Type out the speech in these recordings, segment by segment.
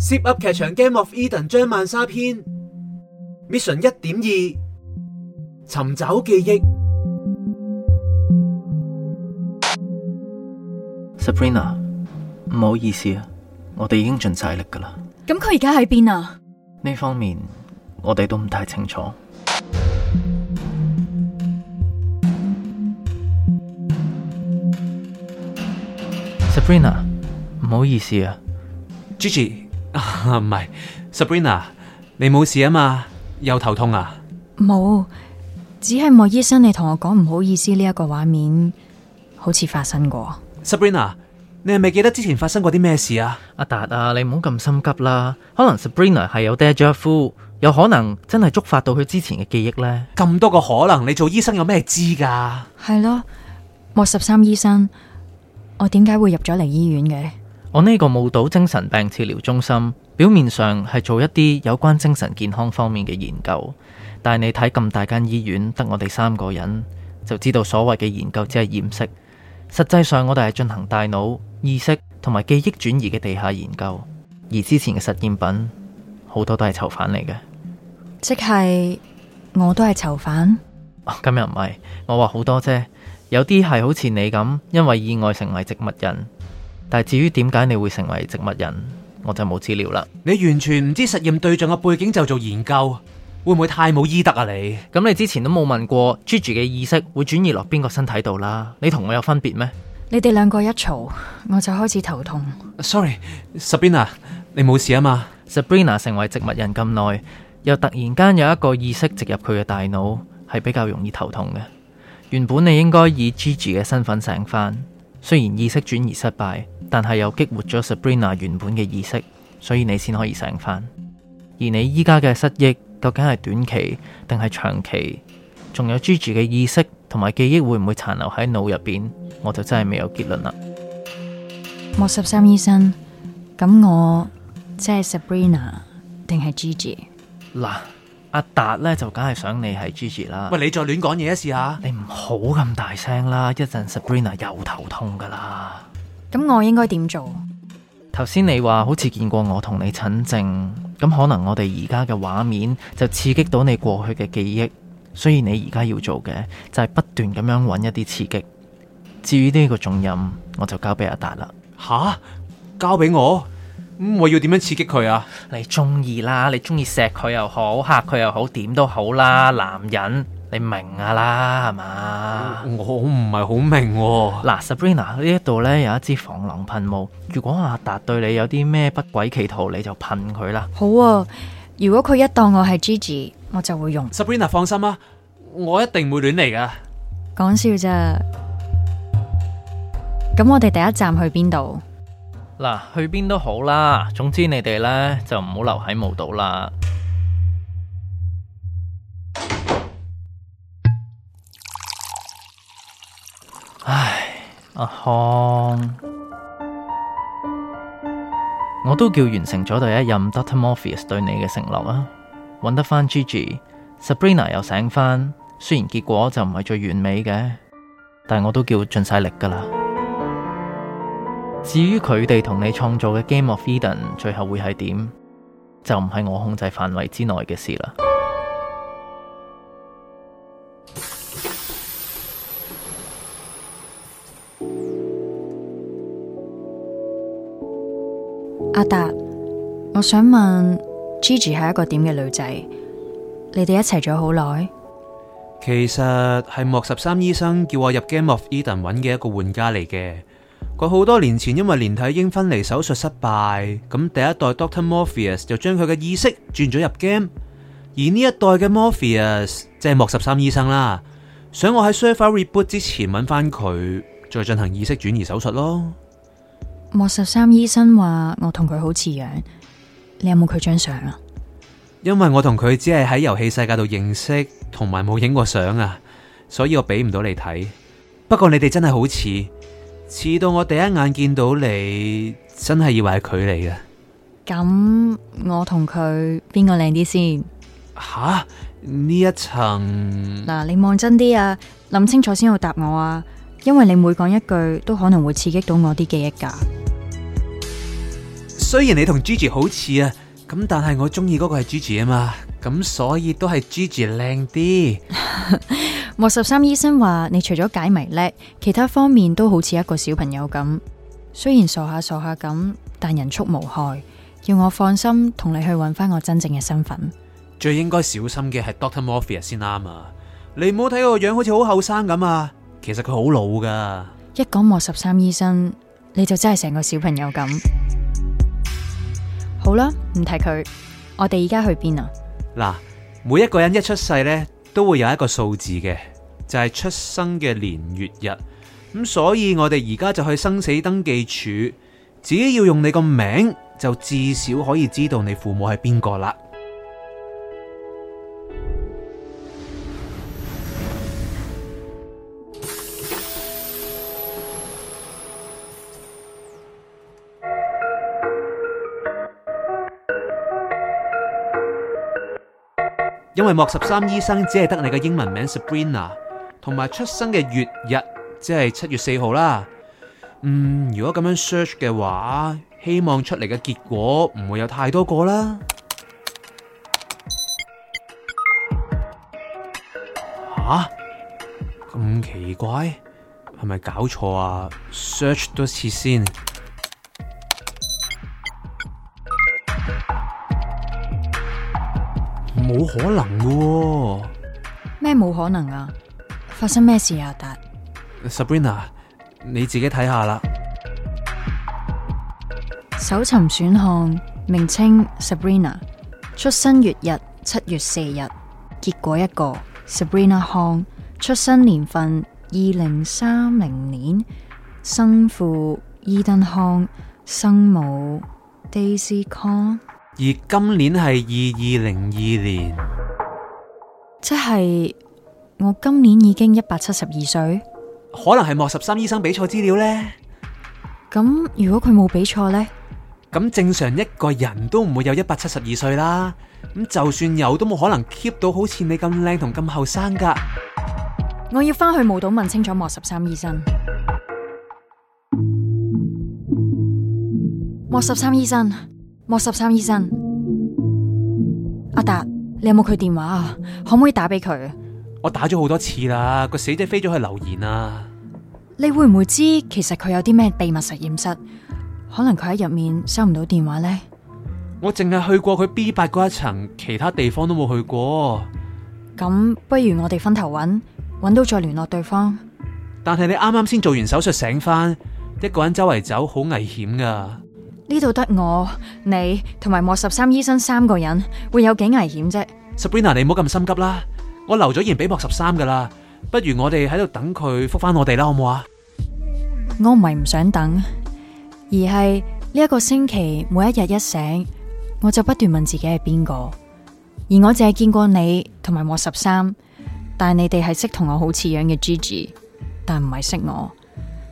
Zip 噏劇場 Game of Eden 張蔓莎篇 Mission 一點二尋找記憶。Sabrina，唔好意思啊，我哋已經盡晒力噶啦。咁佢而家喺邊啊？呢方面我哋都唔太清楚。Sabrina，唔好意思啊，Gigi。唔 係，Sabrina，你冇事啊嘛？又頭痛啊？冇，只係莫醫生，你同我講唔好意思，呢一個畫面好似發生過。Sabrina，你係咪記得之前發生過啲咩事啊？阿達這麼啊，你唔好咁心急啦，可能 Sabrina 係有 Dejavu，有可能真係觸發到佢之前嘅記憶咧。咁多個可能，你做醫生有咩知噶？係咯，莫十三醫生，我點解會入咗嚟醫院嘅？我呢個墓島精神病治療中心，表面上係做一啲有關精神健康方面嘅研究，但係你睇咁大間醫院，得我哋三個人，就知道所謂嘅研究只係掩飾。實際上，我哋係進行大腦意識同埋記憶轉移嘅地下研究，而之前嘅實驗品好多都係囚犯嚟嘅，即係我都係囚犯？哦，今日唔係，我話好多啫，有啲係好似你咁，因為意外成為植物人。但至於點解你會成為植物人，我就冇資料啦。你完全唔知實驗對象嘅背景就做研究，會唔會太冇醫德啊你？你咁你之前都冇問過 Gigi 嘅意識會轉移落邊個身體度啦？你同我有分別咩？你哋兩個一嘈，我就開始頭痛。Sorry，Sabrina，你冇事啊嘛？Sabrina 成為植物人咁耐，又突然間有一個意識植入佢嘅大腦，係比較容易頭痛嘅。原本你應該以 Gigi 嘅身份醒返，雖然意識轉移失敗。但係又激活咗 Sabrina 原本嘅意識，所以你先可以醒返。而你依家嘅失憶究竟係短期定係長期？仲有 Gigi 嘅意識同埋記憶會唔會殘留喺腦入邊？我就真係未有結論啦。莫十三醫生，咁我即係 Sabrina 定係 Gigi？嗱，阿達咧就梗係想你係 Gigi 啦。喂，你再亂講嘢一試下，你唔好咁大聲啦，一陣 Sabrina 又頭痛噶啦。咁我應該點做？頭先你話好似見過我同你診症，咁可能我哋而家嘅畫面就刺激到你過去嘅記憶，所以你而家要做嘅就係不斷咁樣揾一啲刺激。至於呢個重任，我就交俾阿達啦。吓，交俾我？咁我要點樣刺激佢啊？你中意啦，你中意錫佢又好，嚇佢又好，點都好啦，男人。你明啊啦，係嘛？我唔係好明哦。嗱，Sabrina 呢一度咧，有一支防狼噴霧，如果阿達對你有啲咩不軌企圖，你就噴佢啦。好啊，如果佢一當我係 Gigi，我就會用。Sabrina 放心啊，我一定唔會亂嚟噶。講笑咋，咁我哋第一站去邊度？嗱，去邊都好啦，總之你哋咧，就唔好留喺墓島啦。阿康，我都叫完成咗第一任 Dr Morpheus 對你嘅承諾啊。揾得翻 Gigi，Sabrina 又醒翻，雖然結果就唔係最完美嘅，但我都叫盡晒力噶啦。至於佢哋同你創造嘅 Game of Eden 最後會係點，就唔係我控制範圍之內嘅事啦。阿達，我想問 Gigi 係一個點嘅女仔？你哋一齊咗好耐？其實係莫十三醫生叫我入 Game of Eden 揾嘅一個玩家嚟嘅。佢好多年前因為連體嬰分離手術失敗，咁第一代 Doctor Morpheus 就將佢嘅意識轉咗入 Game，而呢一代嘅 Morpheus 即係莫十三醫生啦。想我喺 Server reboot 之前揾返佢，再進行意識轉移手術咯。莫十三醫生話我同佢好似樣，你有冇佢張相啊？因為我同佢只係喺遊戲世界度認識，同埋冇影過相啊，所以我俾唔到你睇。不過你哋真係好似，似到我第一眼見到你，真係以為係佢嚟嘅。咁我同佢邊個靚啲先？吓…呢一層…嗱，你望真啲啊，諗清楚先好答我啊，因為你每講一句，都可能會刺激到我啲記憶噶。雖然你同 Gigi 好似啊，咁但係我中意嗰個係 Gigi 啊嘛，咁所以都係 Gigi 靚啲。 莫十三醫生話：你除咗解謎叻，其他方面都好似一個小朋友咁。雖然傻下傻下咁，但人畜無害，叫我放心同你去揾翻我真正嘅身份。最應該小心嘅係 Doctor Morpheus 先啱啊！你唔好睇我樣好似好後生咁啊，其實佢好老噶。一講莫十三醫生，你就真係成個小朋友咁。好啦，唔提佢，我哋而家去邊啊？嗱，每一個人一出世呢，都會有一個數字嘅，就係出生嘅年月日。咁所以我哋而家就去生死登記處，只要用你個名，就至少可以知道你父母係邊個啦。因為莫十三醫生只係得你嘅英文名 Sabrina，同埋出生嘅月日，即係七月四號啦。嗯，如果咁樣 search 嘅話，希望出嚟嘅結果唔會有太多個啦。吓、啊，咁奇怪，係咪搞錯啊？search 多次先。冇可能架喎？咩冇可能啊？發生咩事啊？達，Sabrina，你自己睇下啦。搜尋選項名稱 Sabrina，出生月日七月四日，結果，一個 Sabrina 康，出生年份二零三零年，生父伊登康，生母 Daisy 康。而今年係二二零二年即，即係我今年已經一百七十二歲，可能係莫十三醫生比錯資料呢？咁如果佢冇比錯呢？咁正常一個人都唔會有一百七十二歲啦。咁就算有都冇可能 keep 到好似你咁靚同咁後生噶。我要翻去墓島問清楚莫十三醫生。莫十三醫生。莫十三醫生，阿達，你有冇佢電話啊？可唔可以打俾佢？我打咗好多次啦，個死者飛咗去留言啦。你會唔會知其實佢有啲咩秘密實驗室？可能佢喺入面收唔到電話呢。我淨係去過佢 B 八嗰一層，其他地方都冇去過。咁不如我哋分頭揾，揾到再聯絡對方。但係你啱啱先做完手術醒翻，一個人周圍走好危險噶。呢度得我你同埋莫十三醫生三個人，會有幾危險啫？Sabrina，你唔好咁心急啦，我留咗言俾莫十三噶啦，不如我哋喺度等佢覆翻我哋啦，好唔好啊？我唔係唔想等，而係呢一個星期每一日一醒，我就不斷問自己係邊個，而我淨係見過你同埋莫十三，但係你哋係識同我好似樣嘅 Gigi，但唔係識我，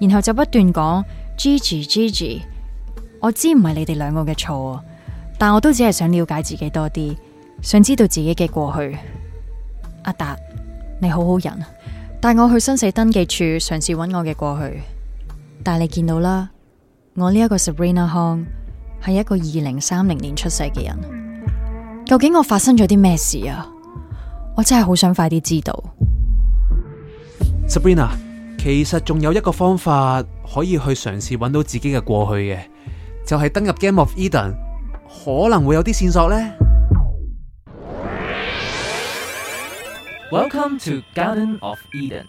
然後就不斷講 Gigi Gigi。我知唔係你哋兩個嘅錯，但我都只係想了解自己多啲，想知道自己嘅過去。阿達，你好好人，帶我去生死登記處嘗試揾我嘅過去。但你見到啦，我呢一個 Sabrina Hong 係一個二零三零年出世嘅人。究竟我發生咗啲咩事啊？我真係好想快啲知道。Sabrina，其實仲有一個方法可以去嘗試揾到自己嘅過去嘅。就係登入 Game of Eden，可能會有啲線索呢。Welcome to Garden of Eden，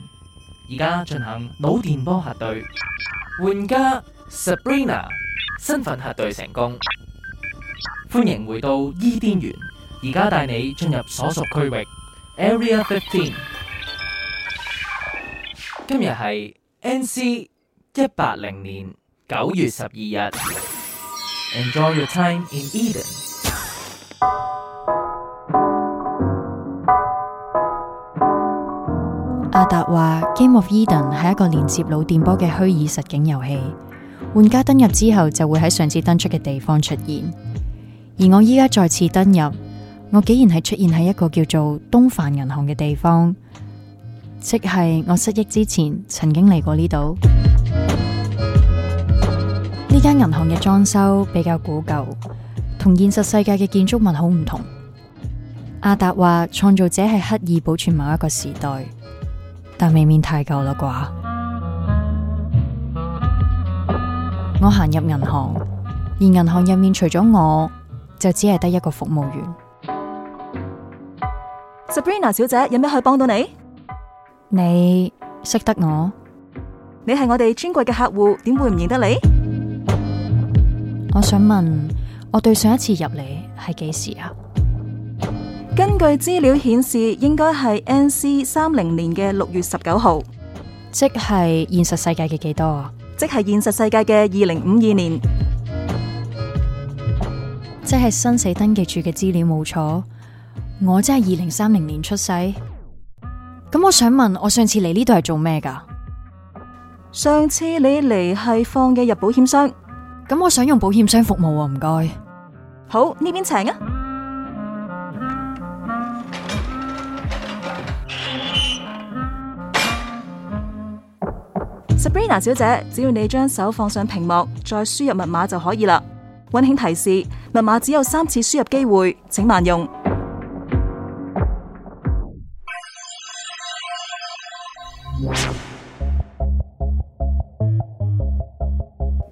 而家進行腦電波核對，玩家 Sabrina 身份核對成功，歡迎回到伊甸園，而家帶你進入所屬區域 Area Fifteen。今日係 N.C. 一八零年九月十二日。Enjoy your time in Eden. 阿達話，《Game of Eden》係一個連接腦電波嘅虛擬實境遊戲。玩家登入之後，就會喺上次登出嘅地方出現。而我依家再次登入，我竟然係出現喺一個叫做東凡銀行嘅地方，即係我失憶之前曾經嚟過呢度。間銀行嘅裝修比較古舊，同現實世界嘅建築物好唔同。阿達話：創造者係刻意保存某一個時代，但未免太舊啦啩。我行入銀行，而銀行入面除咗我，就只係得一個服務員。Sabrina 小姐有咩可以幫到你？你識得我？你係我哋尊貴嘅客戶，點會唔認得你？我想問，我對上一次入嚟係幾時啊？根據資料顯示，應該係 N.C. 三零年嘅六月十九號，即係現實世界嘅幾多？即係現實世界嘅二零五二年，即係生死登記處嘅資料冇錯。我真係二零三零年出世，咁我想問，我上次嚟呢度係做咩㗎？上次你嚟係放嘅入保險箱。咁我想用保險箱服務啊，唔該。好，呢邊請啊，Sabrina 小姐，只要你將手放上屏幕，再輸入密碼就可以啦。溫馨提示：密碼只有三次輸入機會，請慢用。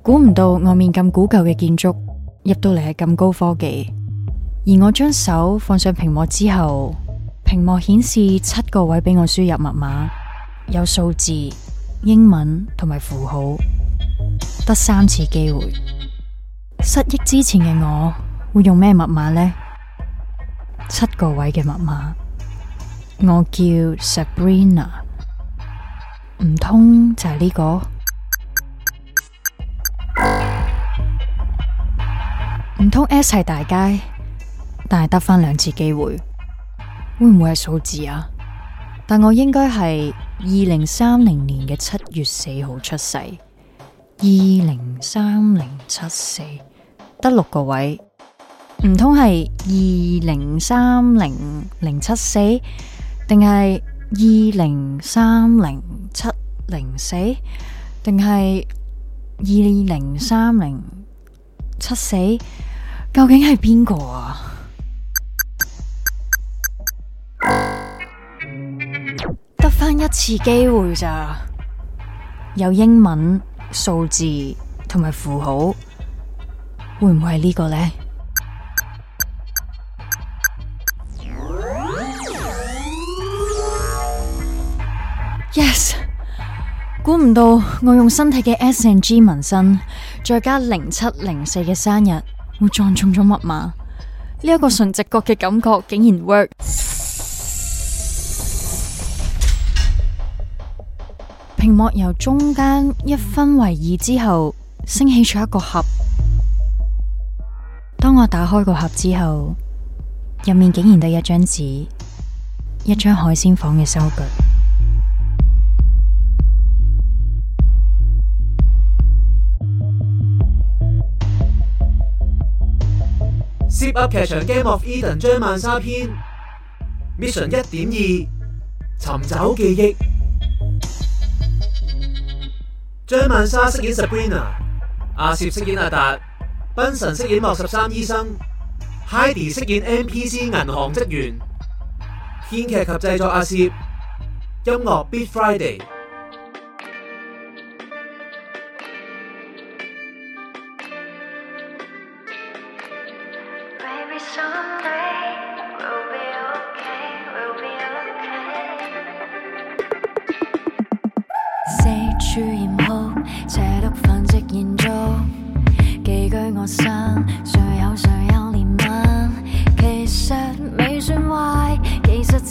估唔到外面咁古舊嘅建築入到嚟係咁高科技，而我將手放上屏幕之後，屏幕顯示七個位俾我輸入密碼，有數字、英文同埋符號，得三次機會。失憶之前嘅我會用咩密碼呢？七個位嘅密碼，我叫 Sabrina，唔通就係呢個？唔通 S 係大街，但係得翻兩次機會，會唔會係數字啊？但我應該係二零三零年嘅七月四號出世，二零三零七四，得六個位，唔通係二零三零零七四，定係二零三零七零四，定係二零三零七四？究竟係邊個啊？得返一次機會咋？有英文、數字同埋符號，會唔會係呢個呢？Yes，估唔到我用身體嘅 S&G 紋身，再加零七零四嘅生日。我撞中咗密碼，呢一個純直覺嘅感覺竟然 work。屏幕由中間一分為二之後，升起咗一個盒。當我打開個盒之後，入面竟然得一張紙，一張海鮮房嘅收據。Zip 噏劇場 Game of Eden 張蔓莎篇 Mission 一點二，尋找記憶。張蔓莎飾演 Sabrina，阿攝飾演阿達，賓神飾演莫十三醫生，Heidi 飾演 NPC 銀行職員，編劇及製作阿攝，音樂 Big Friday。